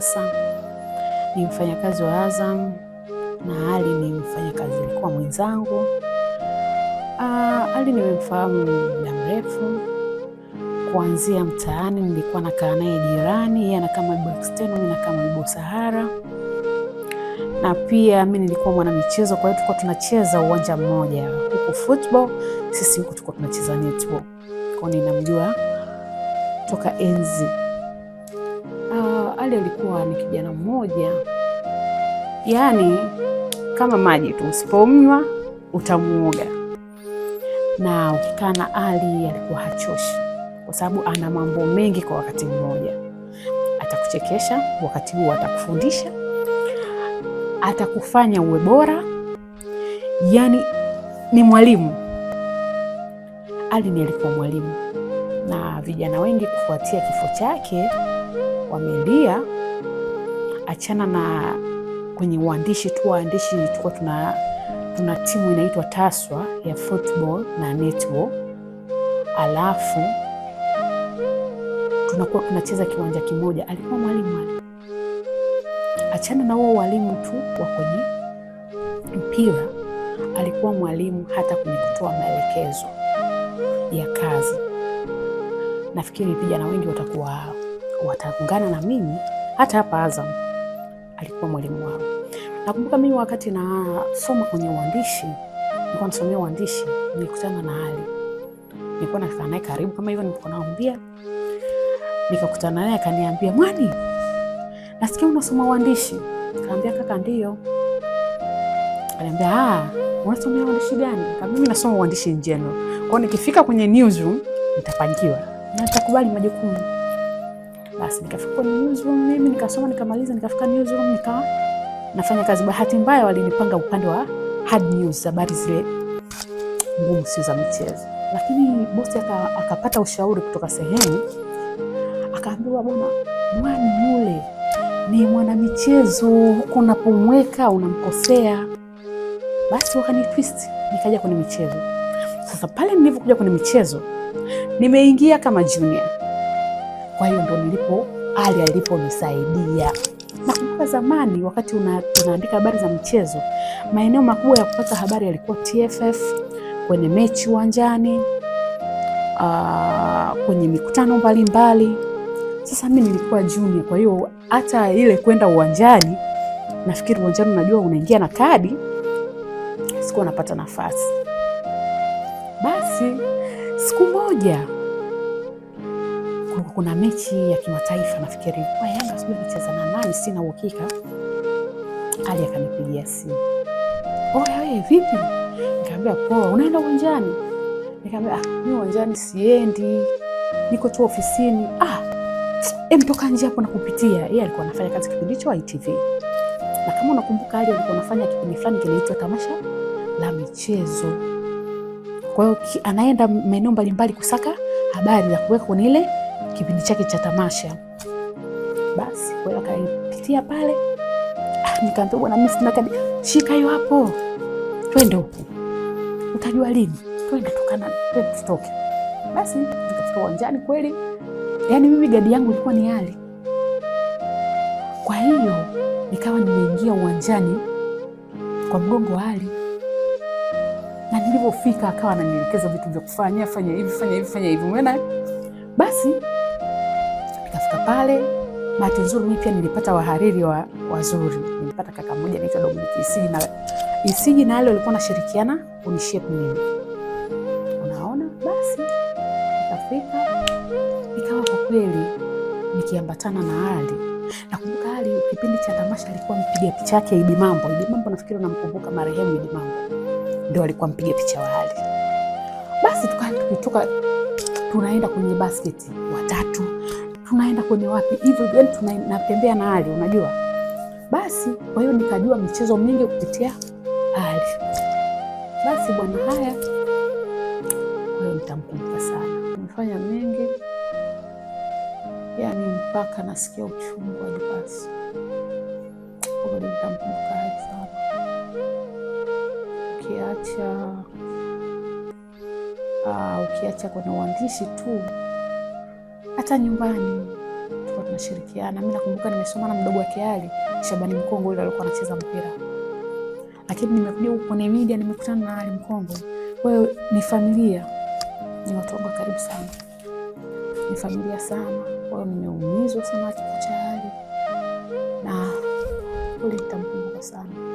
sasa ni mfanyakazi wa Azam na Ali ni mfanyakazi alikuwa mwenzangu. Uh, Ali nimemfahamu muda mrefu kuanzia mtaani, nilikuwa nakaa naye jirani, yeye anakaa Maibo Extend, mimi nakaa Maibo Sahara, na pia mimi nilikuwa mwanamichezo, kwa hiyo tulikuwa tunacheza uwanja mmoja, huku football, sisi huku tulikuwa tunacheza netball, kwa hiyo ninamjua toka enzi ali alikuwa ni kijana mmoja, yaani kama maji tu, usipomnywa utamuoga. Na ukikaa na Ali alikuwa hachoshi, kwa sababu ana mambo mengi kwa wakati mmoja. Atakuchekesha wakati huo, atakufundisha, atakufanya uwe bora, yaani ni mwalimu. Ali ni alikuwa mwalimu, na vijana wengi kufuatia kifo chake wamelia, achana na kwenye uandishi tu, waandishi tulikuwa tuna, tuna timu inaitwa TASWA ya football na netball, alafu tunakuwa tunacheza kiwanja kimoja. Alikuwa mwalimu, achana na huo walimu tu wa kwenye mpira, alikuwa mwalimu hata kwenye kutoa maelekezo ya kazi. Nafikiri vijana wengi watakuwa hao wataungana na mimi hata hapa Azam alikuwa mwalimu wao. Nakumbuka mimi wakati nasoma kwenye uandishi, nilikuwa nasomea uandishi, nilikutana na Ali, nilikuwa nakaa naye karibu kama hivyo, nilikuwa naambia, nikakutana naye akaniambia, mwani, nasikia unasoma uandishi. Kaambia kaka, ndio. Aliambia, ah, unasomea uandishi gani? Mimi nasoma uandishi in general, kwao nikifika kwenye newsroom nitapangiwa na nitakubali majukumu basi nikafika kwenye newsroom mimi nikasoma nikamaliza, nikafika newsroom nika nafanya kazi. Bahati mbaya walinipanga upande wa hard news, habari zile ngumu, sio za michezo. Lakini bosi akapata ushauri kutoka sehemu, akaambiwa bwana, mwani yule ni mwanamichezo, huko unapomweka unamkosea. Basi wakani twist, nikaja kwenye michezo. Sasa pale nilivyokuja kwenye michezo, nimeingia kama junior kwa hiyo ndo nilipo Ali aliponisaidia. Nakumbuka zamani wakati una, unaandika habari za mchezo, maeneo makubwa ya kupata habari yalikuwa TFF, kwenye mechi uwanjani, uh, kwenye mikutano mbalimbali. Sasa mimi nilikuwa junior, kwa hiyo hata ile kwenda uwanjani, nafikiri uwanjani, unajua unaingia na kadi, sikuwa napata nafasi. Basi siku moja kuna mechi ya kimataifa nafikiri ilikuwa Yanga sijui anacheza na nani, sina uhakika. Ali akanipigia simu, oya wewe vipi? Nikamwambia poa, unaenda uwanjani? Nikamwambia ah, mimi uwanjani siendi, niko tu ofisini. Ah, em, toka nje hapo nakupitia. Yeye alikuwa anafanya kazi kipindi hicho ITV, na kama unakumbuka, Ali alikuwa anafanya kipindi fulani kinaitwa Tamasha la Michezo. Kwa hiyo anaenda maeneo mbalimbali kusaka habari za kuweka kwenye ile kipindi chake cha tamasha. Basi kwa hiyo akaipitia pale, ah, nikaambia bwana, mimi sina kadi, shika hiyo hapo, twende huko, utajua lini, twende tukana, twende tutoke. Basi nikafika uwanjani kweli, yani mimi gadi yangu ilikuwa ni hali. Kwa hiyo nikawa nimeingia uwanjani kwa mgongo wa hali na nilivyofika akawa ananielekeza vitu vya kufanya, fanya hivi, fanya hivi, fanya hivi, umeona. Basi Kufika pale, bahati nzuri mimi pia nilipata wahariri wa, wazuri. Nilipata kaka mmoja anaitwa Dominic Isiji na Isiji na wale alikuwa anashirikiana kunishia mimi. Unaona, basi nikafika ikawa kwa kweli nikiambatana na Ali. Nakumbuka Ali kipindi cha tamasha alikuwa mpiga picha yake Idi Mambo. Idi Mambo nafikiri unamkumbuka marehemu Idi Mambo. Ndio alikuwa mpiga picha wa Ali. Basi tukawa kutoka tunaenda kwenye basketi watatu tunaenda kwenye wapi hivyo, yani tunatembea na hali, unajua. Basi kwa hiyo nikajua michezo mingi kupitia hali. Basi bwana, haya, kwa hiyo nitamkumbuka sana, tumefanya mengi, yani mpaka nasikia uchungu hadi basi nitamkumbuka sana, ukiacha ah, ukiacha kwenye uandishi tu hata nyumbani tulikuwa tunashirikiana. Mimi nakumbuka nimesoma na mdogo wake Ali Shabani Mkongo, yule alikuwa anacheza mpira, lakini nimekuja huko kwenye media nimekutana na Ali Mkongo. Kwa hiyo ni familia, ni watu wangu karibu sana, ni familia sana. Kwa hiyo nimeumizwa sana kifo cha Ali na kuli nitamkumbuka sana.